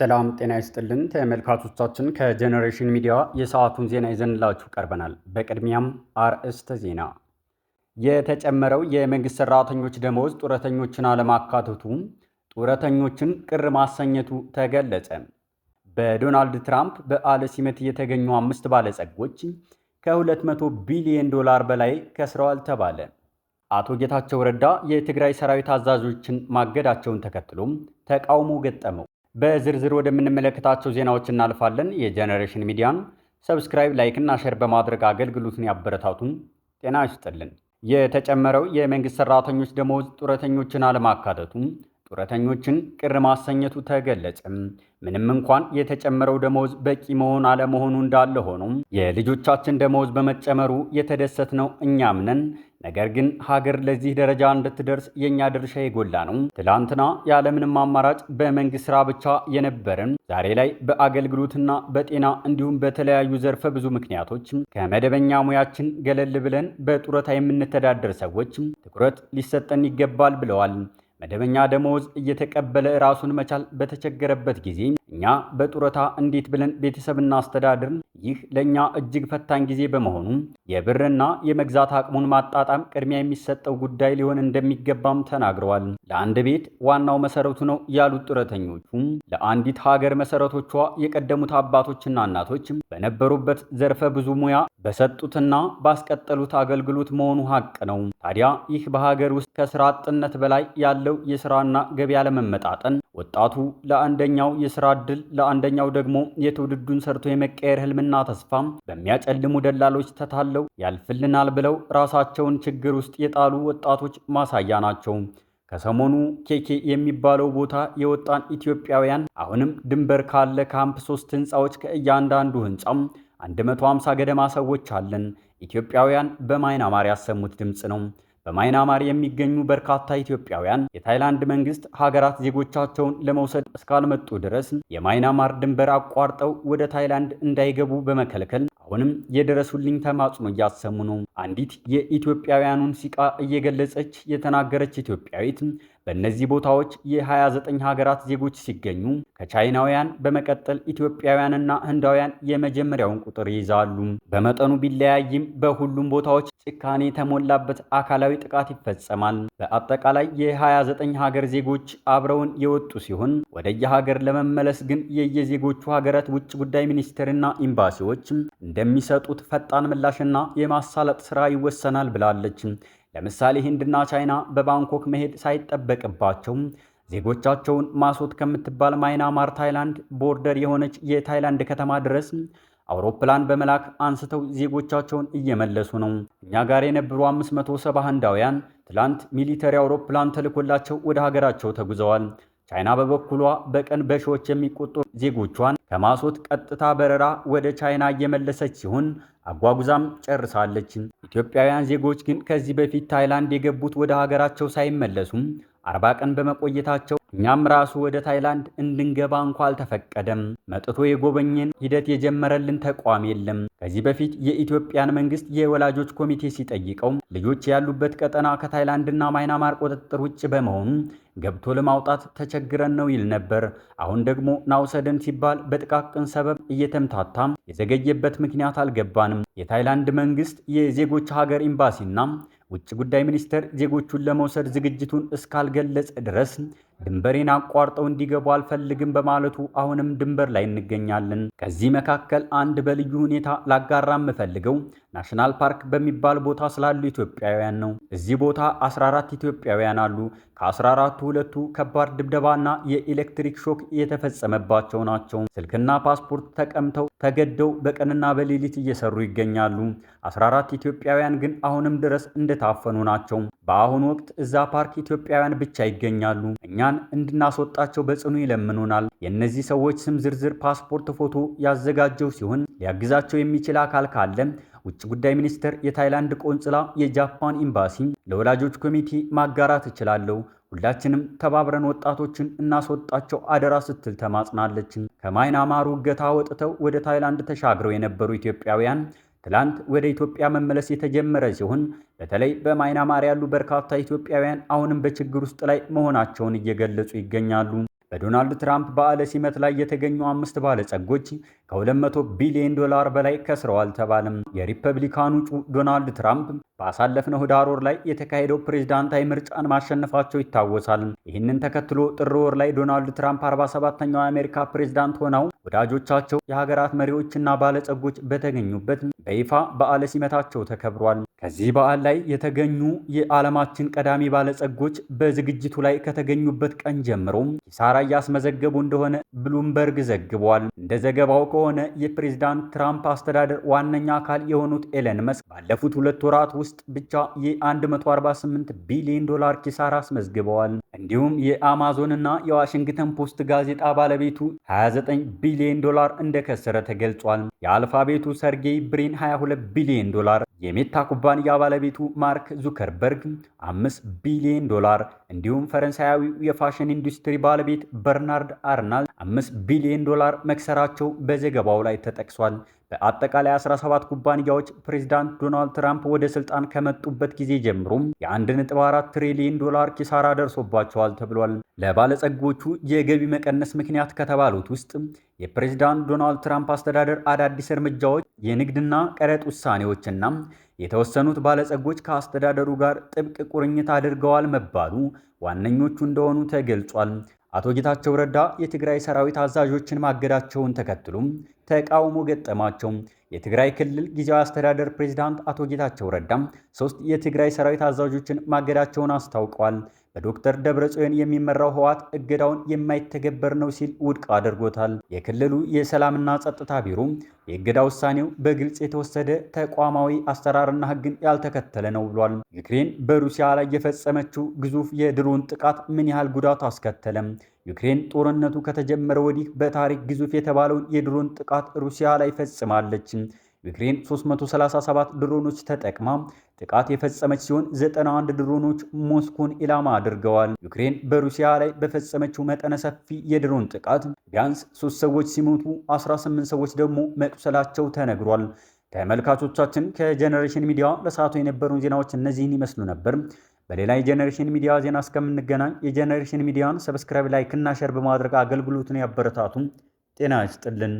ሰላም ጤና ይስጥልን ተመልካቾቻችን፣ ከጀኔሬሽን ሚዲያ የሰዓቱን ዜና ይዘንላችሁ ቀርበናል። በቅድሚያም አርዕስተ ዜና። የተጨመረው የመንግስት ሰራተኞች ደመወዝ ጡረተኞችን አለማካተቱ ጡረተኞችን ቅር ማሰኘቱ ተገለጸ። በዶናልድ ትራምፕ በዓለ ሲመት የተገኙ አምስት ባለጸጎች ከ200 ቢሊዮን ዶላር በላይ ከስረዋል ተባለ። አቶ ጌታቸው ረዳ የትግራይ ሰራዊት አዛዦችን ማገዳቸውን ተከትሎም ተቃውሞ ገጠመው። በዝርዝር ወደምንመለከታቸው ዜናዎች እናልፋለን። የጀነሬሽን ሚዲያን ሰብስክራይብ፣ እና ሼር በማድረግ አገልግሎትን ያበረታቱን። ጤና ይስጥልን። የተጨመረው የመንግስት ሰራተኞች ደሞዝ ጡረተኞችን አለማካተቱም ጡረተኞችን ቅር ማሰኘቱ ተገለጸም። ምንም እንኳን የተጨመረው ደሞዝ በቂ መሆን አለመሆኑ እንዳለ ሆኖም የልጆቻችን ደሞዝ በመጨመሩ የተደሰት ነው እኛምነን ነገር ግን ሀገር ለዚህ ደረጃ እንድትደርስ የእኛ ድርሻ የጎላ ነው። ትላንትና ያለምንም አማራጭ በመንግስት ስራ ብቻ የነበርን ዛሬ ላይ በአገልግሎትና በጤና እንዲሁም በተለያዩ ዘርፈ ብዙ ምክንያቶች ከመደበኛ ሙያችን ገለል ብለን በጡረታ የምንተዳደር ሰዎች ትኩረት ሊሰጠን ይገባል ብለዋል። መደበኛ ደመወዝ እየተቀበለ ራሱን መቻል በተቸገረበት ጊዜ እኛ በጡረታ እንዴት ብለን ቤተሰብ እናስተዳድር? ይህ ለእኛ እጅግ ፈታኝ ጊዜ በመሆኑ የብርና የመግዛት አቅሙን ማጣጣም ቅድሚያ የሚሰጠው ጉዳይ ሊሆን እንደሚገባም ተናግረዋል። ለአንድ ቤት ዋናው መሰረቱ ነው ያሉት ጡረተኞቹ ለአንዲት ሀገር መሰረቶቿ የቀደሙት አባቶችና እናቶች በነበሩበት ዘርፈ ብዙ ሙያ በሰጡትና ባስቀጠሉት አገልግሎት መሆኑ ሀቅ ነው። ታዲያ ይህ በሀገር ውስጥ ከስራ አጥነት በላይ ያለው የስራና ገቢ ያለመመጣጠን ወጣቱ ለአንደኛው የስራ ዕድል ለአንደኛው ደግሞ የትውልዱን ሰርቶ የመቀየር ህልምና ተስፋም በሚያጨልሙ ደላሎች ተታለው ያልፍልናል ብለው ራሳቸውን ችግር ውስጥ የጣሉ ወጣቶች ማሳያ ናቸው። ከሰሞኑ ኬኬ የሚባለው ቦታ የወጣን ኢትዮጵያውያን አሁንም ድንበር ካለ ካምፕ ሶስት ህንፃዎች ከእያንዳንዱ ህንፃም 150 ገደማ ሰዎች አለን። ኢትዮጵያውያን በማይናማር ያሰሙት ድምፅ ነው። በማይናማር የሚገኙ በርካታ ኢትዮጵያውያን የታይላንድ መንግስት ሀገራት ዜጎቻቸውን ለመውሰድ እስካልመጡ ድረስ የማይናማር ድንበር አቋርጠው ወደ ታይላንድ እንዳይገቡ በመከልከል አሁንም የደረሱልኝ ተማጽኖ እያሰሙ ነው። አንዲት የኢትዮጵያውያኑን ሲቃ እየገለጸች የተናገረች ኢትዮጵያዊት በእነዚህ ቦታዎች የ29 ሀገራት ዜጎች ሲገኙ ከቻይናውያን በመቀጠል ኢትዮጵያውያንና ህንዳውያን የመጀመሪያውን ቁጥር ይይዛሉ። በመጠኑ ቢለያይም በሁሉም ቦታዎች ጭካኔ የተሞላበት አካላዊ ጥቃት ይፈጸማል። በአጠቃላይ የ29 ሀገር ዜጎች አብረውን የወጡ ሲሆን ወደየሀገር ለመመለስ ግን የየዜጎቹ ሀገራት ውጭ ጉዳይ ሚኒስቴርና ኤምባሲዎች እንደሚሰጡት ፈጣን ምላሽና የማሳለጥ ስራ ይወሰናል ብላለች። ለምሳሌ ህንድና ቻይና በባንኮክ መሄድ ሳይጠበቅባቸው ዜጎቻቸውን ማሶት ከምትባል ማይናማር ታይላንድ ቦርደር የሆነች የታይላንድ ከተማ ድረስ አውሮፕላን በመላክ አንስተው ዜጎቻቸውን እየመለሱ ነው። እኛ ጋር የነበሩ 570 ህንዳውያን ትላንት ሚሊተሪ አውሮፕላን ተልኮላቸው ወደ ሀገራቸው ተጉዘዋል። ቻይና በበኩሏ በቀን በሺዎች የሚቆጠሩ ዜጎቿን ከማሶት ቀጥታ በረራ ወደ ቻይና እየመለሰች ሲሆን አጓጉዛም ጨርሳለች። ኢትዮጵያውያን ዜጎች ግን ከዚህ በፊት ታይላንድ የገቡት ወደ ሀገራቸው ሳይመለሱም አርባ ቀን በመቆየታቸው እኛም ራሱ ወደ ታይላንድ እንድንገባ እንኳ አልተፈቀደም። መጥቶ የጎበኘን ሂደት የጀመረልን ተቋም የለም። ከዚህ በፊት የኢትዮጵያን መንግስት የወላጆች ኮሚቴ ሲጠይቀው ልጆች ያሉበት ቀጠና ከታይላንድና ማይናማር ቁጥጥር ውጭ በመሆኑ ገብቶ ለማውጣት ተቸግረን ነው ይል ነበር። አሁን ደግሞ ናውሰደን ሲባል በጥቃቅን ሰበብ እየተምታታም የዘገየበት ምክንያት አልገባንም። የታይላንድ መንግስት የዜጎች ሀገር ኤምባሲና ውጭ ጉዳይ ሚኒስቴር ዜጎቹን ለመውሰድ ዝግጅቱን እስካልገለጸ ድረስ ድንበሬን አቋርጠው እንዲገቡ አልፈልግም በማለቱ አሁንም ድንበር ላይ እንገኛለን። ከዚህ መካከል አንድ በልዩ ሁኔታ ላጋራ የምፈልገው ናሽናል ፓርክ በሚባል ቦታ ስላሉ ኢትዮጵያውያን ነው። እዚህ ቦታ 14 ኢትዮጵያውያን አሉ። ከ14ቱ ሁለቱ ከባድ ድብደባና የኤሌክትሪክ ሾክ የተፈጸመባቸው ናቸው። ስልክና ፓስፖርት ተቀምተው ተገደው በቀንና በሌሊት እየሰሩ ይገኛሉ። 14 ኢትዮጵያውያን ግን አሁንም ድረስ እንደታፈኑ ናቸው። በአሁኑ ወቅት እዛ ፓርክ ኢትዮጵያውያን ብቻ ይገኛሉ። እኛን እንድናስወጣቸው በጽኑ ይለምኑናል። የእነዚህ ሰዎች ስም ዝርዝር ፓስፖርት ፎቶ ያዘጋጀው ሲሆን ሊያግዛቸው የሚችል አካል ካለ ውጭ ጉዳይ ሚኒስቴር፣ የታይላንድ ቆንጽላ፣ የጃፓን ኤምባሲ ለወላጆች ኮሚቴ ማጋራት እችላለሁ። ሁላችንም ተባብረን ወጣቶችን እናስወጣቸው አደራ ስትል ተማጽናለች ከማይናማሩ እገታ ወጥተው ወደ ታይላንድ ተሻግረው የነበሩ ኢትዮጵያውያን ትላንት ወደ ኢትዮጵያ መመለስ የተጀመረ ሲሆን በተለይ በማይናማር ያሉ በርካታ ኢትዮጵያውያን አሁንም በችግር ውስጥ ላይ መሆናቸውን እየገለጹ ይገኛሉ። በዶናልድ ትራምፕ በዓለ ሲመት ላይ የተገኙ አምስት ባለጸጎች ከ200 ቢሊዮን ዶላር በላይ ከስረዋል ተባለም። የሪፐብሊካኑ እጩ ዶናልድ ትራምፕ ባሳለፍነው ህዳር ወር ላይ የተካሄደው ፕሬዝዳንታዊ ምርጫን ማሸነፋቸው ይታወሳል። ይህንን ተከትሎ ጥር ወር ላይ ዶናልድ ትራምፕ 47ኛው የአሜሪካ ፕሬዝዳንት ሆነው ወዳጆቻቸው የሀገራት መሪዎችና ባለጸጎች በተገኙበት በይፋ በዓለ ሲመታቸው ተከብሯል። ከዚህ በዓል ላይ የተገኙ የዓለማችን ቀዳሚ ባለጸጎች በዝግጅቱ ላይ ከተገኙበት ቀን ጀምሮ ኪሳራ እያስመዘገቡ እንደሆነ ብሉምበርግ ዘግቧል። እንደ ዘገባው ከሆነ የፕሬዝዳንት ትራምፕ አስተዳደር ዋነኛ አካል የሆኑት ኤለን መስክ ባለፉት ሁለት ወራት ውስጥ ብቻ የ148 ቢሊዮን ዶላር ኪሳራ አስመዝግበዋል። እንዲሁም የአማዞን እና የዋሽንግተን ፖስት ጋዜጣ ባለቤቱ 29 ቢሊዮን ዶላር እንደከሰረ ተገልጿል። የአልፋቤቱ ሰርጌይ ብሪን 22 ቢሊዮን ዶላር፣ የሜታ ኩባንያ ባለቤቱ ማርክ ዙከርበርግ 5 ቢሊዮን ዶላር እንዲሁም ፈረንሳያዊው የፋሽን ኢንዱስትሪ ባለቤት በርናርድ አርናልድ 5 ቢሊዮን ዶላር መክሰራቸው በዘገባው ላይ ተጠቅሷል። በአጠቃላይ 17 ኩባንያዎች ፕሬዚዳንት ዶናልድ ትራምፕ ወደ ስልጣን ከመጡበት ጊዜ ጀምሮም የ1.4 ትሪሊዮን ዶላር ኪሳራ ደርሶባቸዋል ተብሏል። ለባለጸጎቹ የገቢ መቀነስ ምክንያት ከተባሉት ውስጥ የፕሬዚዳንት ዶናልድ ትራምፕ አስተዳደር አዳዲስ እርምጃዎች፣ የንግድና ቀረጥ ውሳኔዎችና የተወሰኑት ባለጸጎች ከአስተዳደሩ ጋር ጥብቅ ቁርኝት አድርገዋል መባሉ ዋነኞቹ እንደሆኑ ተገልጿል። አቶ ጌታቸው ረዳ የትግራይ ሰራዊት አዛዦችን ማገዳቸውን ተከትሎም ተቃውሞ ገጠማቸው። የትግራይ ክልል ጊዜያዊ አስተዳደር ፕሬዝዳንት አቶ ጌታቸው ረዳም ሶስት የትግራይ ሰራዊት አዛዦችን ማገዳቸውን አስታውቀዋል። በዶክተር ደብረጽዮን የሚመራው ህወሓት እገዳውን የማይተገበር ነው ሲል ውድቅ አድርጎታል። የክልሉ የሰላምና ጸጥታ ቢሮ የእገዳ ውሳኔው በግልጽ የተወሰደ ተቋማዊ አሰራርና ህግን ያልተከተለ ነው ብሏል። ዩክሬን በሩሲያ ላይ የፈጸመችው ግዙፍ የድሮን ጥቃት ምን ያህል ጉዳት አስከተለም? ዩክሬን ጦርነቱ ከተጀመረ ወዲህ በታሪክ ግዙፍ የተባለውን የድሮን ጥቃት ሩሲያ ላይ ፈጽማለች። ዩክሬን 337 ድሮኖች ተጠቅማ ጥቃት የፈጸመች ሲሆን 91 ድሮኖች ሞስኮን ኢላማ አድርገዋል። ዩክሬን በሩሲያ ላይ በፈጸመችው መጠነ ሰፊ የድሮን ጥቃት ቢያንስ ሶስት ሰዎች ሲሞቱ 18 ሰዎች ደግሞ መቁሰላቸው ተነግሯል። ተመልካቾቻችን ከጀኔሬሽን ሚዲያ ለሰዓቱ የነበሩን ዜናዎች እነዚህን ይመስሉ ነበር። በሌላ የጀኔሬሽን ሚዲያ ዜና እስከምንገናኝ የጀኔሬሽን ሚዲያን ሰብስክራይብ፣ ላይክ እና ሸር በማድረግ አገልግሎቱን ያበረታቱ። ጤና ይስጥልን።